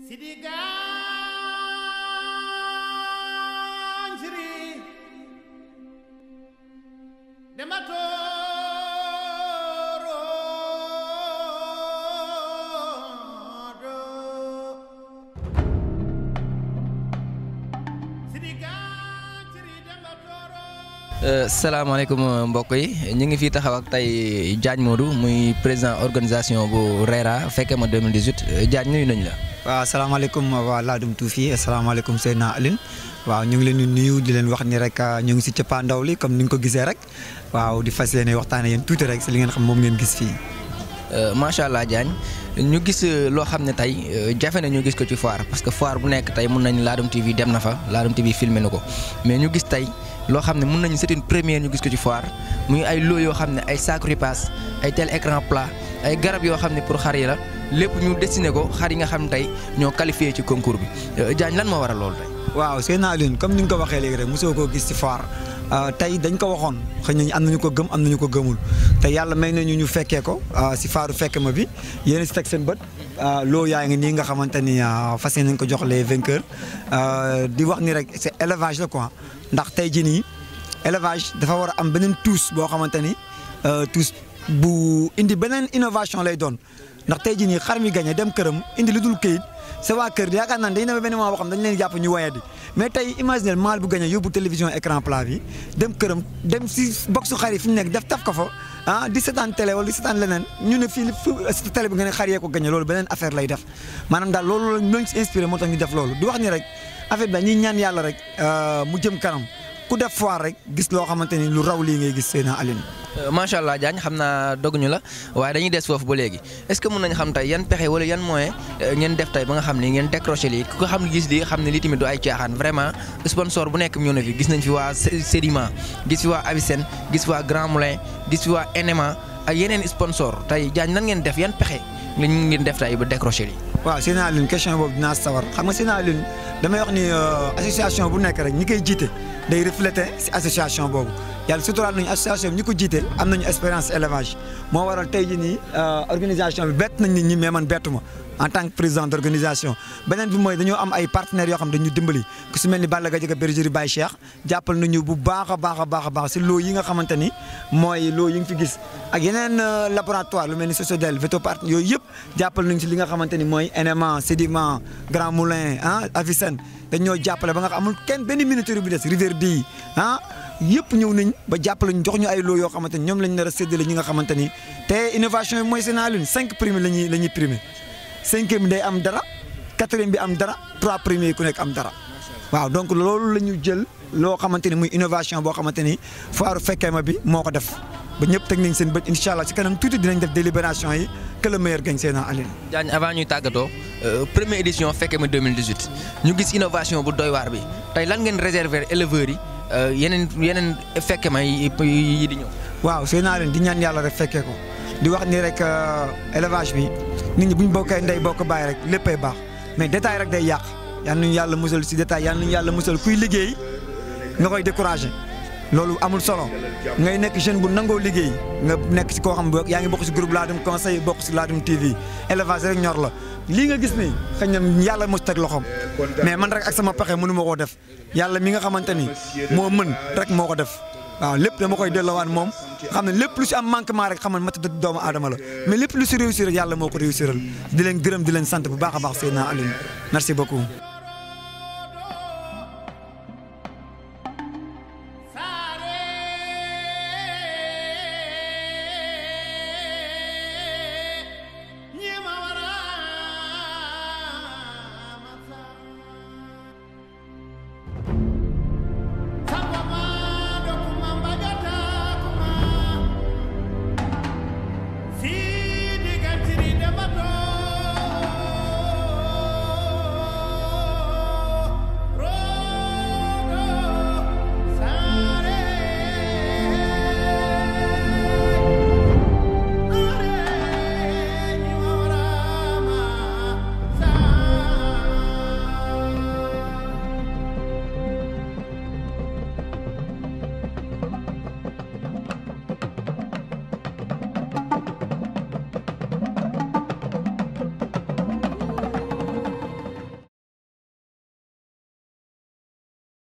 Sidi Ganjiri Demato Euh, salaamaaleykum euh, mbokk yi ñu ngi fi taxaw ak tey jaañ Modou muy président organisation bu RERA Fekema 2018 euh, Diagne nuyu nañ la. waaw salaamaaleykum waa Ladoum Toufi salaamaaleykum Seydina Aline waaw ñu ngi leen di nuyu di leen wax ni rek ñu ngi si cëppaandaw li comme ni nga ko gisee rek waaw di fas yéene waxtaan yéen tuuti rek si li ngeen xam moom ngeen gis fii. macha allah Diagne ñu gis loo xam ne tey jafe na ñu gis ko ci foire parce que foire bu nekk tey mun nañ Ladoum TV dem na fa Ladoum TV filmé na ko mais ñu gis tey. loo xam ne mën nañu c'est une première ñu gis ko ci foire muy ay loo yoo xam ne ay sac repas ay tel écran plat ay garab yoo xam ne pour xar yi la lépp ñu destiné ko xar yi nga xam tey ñoo qualifié ci concours bi euh, Diagne lan moo waral loolu tey. waaw Seydina Alioune comme ni nga ko waxee léegi rek mosoo ko gis si foire euh, tey dañ ko waxoon xëy nañ am nañu ko gëm am nañu ko gëmul te yàlla may na ñu fekkee ko si euh, faaru fekke ma bi yéen ci teg seen bët. loo yaa ngi nii nga xamante ni fas nañ ko jox les vainqueurs di wax ni rek c'est élevage la quoi ndax tey jii nii élevage dafa war a am beneen tuus boo xamante ni tuus bu indi beneen innovation lay doon ndax tey jii nii xar mi gañe dem këram indi lu dul këyit sa waa kër yaakaar naa dañu ne benn moment boo xam dañu leen jàpp ñu woyadi mais tey imaginer maal bu gañe yóbbu télévision écran plat bi dem këram dem si boxu xar fi mu nekk def taf ko fa ah di seetaan télé wala di seetaan leneen ñu ne fii si télé bi nga ne xar yee ko gañe loolu beneen affaire lay def maanaam daal loolu lañ si inspiré moo tax ñu def loolu di wax ni rek affaire bi daal ñaan yàlla rek euh, mu jëm kanam ku def fois rek gis loo xamante ni lu raw lii ngay gis seen Alioune. Euh, macha allah Diagne xam naa doguñu la waaye dañuy des foofu ba léegi est ce que mun nañu xam tey yan pexe wala yan moyen euh, ngeen def tey ba nga xam ni ngeen décroché lii ku ko xam gis lii xam ne lii tamit du ay caaxaan vraiment sponsor bu nekk ñëw na fi gis nañ fi waa Sedima gis fi waa Avicenne gis fi waa Grand Moulin gis fi waa NMA ak yeneen sponsor tey jaañ nan ngeen def yan pexe ngeen def tey ba décroché lii. waaw seen Alioune question boobu dinaa sawar xam nga seen Alioune damay wax ni euh, association bu nekk rek ñi koy jiite day refléter si association boobu yàlla suturaal nañu association bi ñi ko jiite am nañu expérience élevage moo war a tey jii nii euh, organisation bi bett nañ nit ñi mais man bettu ma en tant que président d' organisation beneen bi mooy dañoo am ay partenaires yoo xam dañu dimbali ku si mel ni Balla Gaye Bergerie Baye Cheikh jàppal nañu bu baax a baax a baax a baax si loo yi nga xamante ni mooy loo yi nga fi gis ak yeneen euh, laboratoire lu mel ni Sosodel Vetopart yooyu yëpp jàppale nañ ci li nga xamante ni mooy NMA Sédiment Grand Moulin ah Avicenne dañ ñoo jàppale ba nga amul kenn benn minuterie bu des Riverdee ah yëpp ñëw nañ ba jàppale ñu jox ñu ay loo yoo xamante ni ñoom lañ nar a séddale ñi nga xamante ni te innovation yi mooy seen alune cinq prime la ñuy la ñuy primé cinquième day am dara quatrième bi am dara trois premiers yi ku nekk am dara waaw donc loolu loo xamante ni muy innovation boo xamante ni faaru fekkee ma bi moo ko def ba ñëpp teg nañ seen bët incha allah si kanam tuuti dinañ def délibération yi que le meilleur gagne seen Aline. Diagne avant ñuy tàggatoo euh, première édition fekkee ma 2018 ñu gis innovation bu doy waar bi tey lan ngeen réserver éleveurs yi euh, yeneen yeneen fekke ma yi di ñëw. waaw seen Aline di ñaan yàlla rek fekkee ko di wax nii rek euh, élevage bi nit ñi bu ñu bokkee ndey bokk bàyyi rek léppay baax mais détail rek day yàq yal nañu yàlla musal si détail yal nañu yàlla musal kuy liggéey. nga koy découragé loolu amul solo ngay nekk jeune bu nangoo liggéey nga nekk ci koo xam ne yaa ngi bokk si laa Ladoum conseil bokk si laa TV élevage rek ñor la lii nga gis ni xëy na yàlla mos teg loxoom mais man rek ak sama pexe mënu ma koo def yàlla mi nga xamante ni moo mën rek moo ko def waaw lépp dama koy delloowaat moom xam ne lépp lu si am manquement rek xam ne doomu aadama la mais lépp lu si réussir rek yàlla moo ko réussiral di leen gërëm di leen bu baax a baax Seydina Alioune merci beaucoup.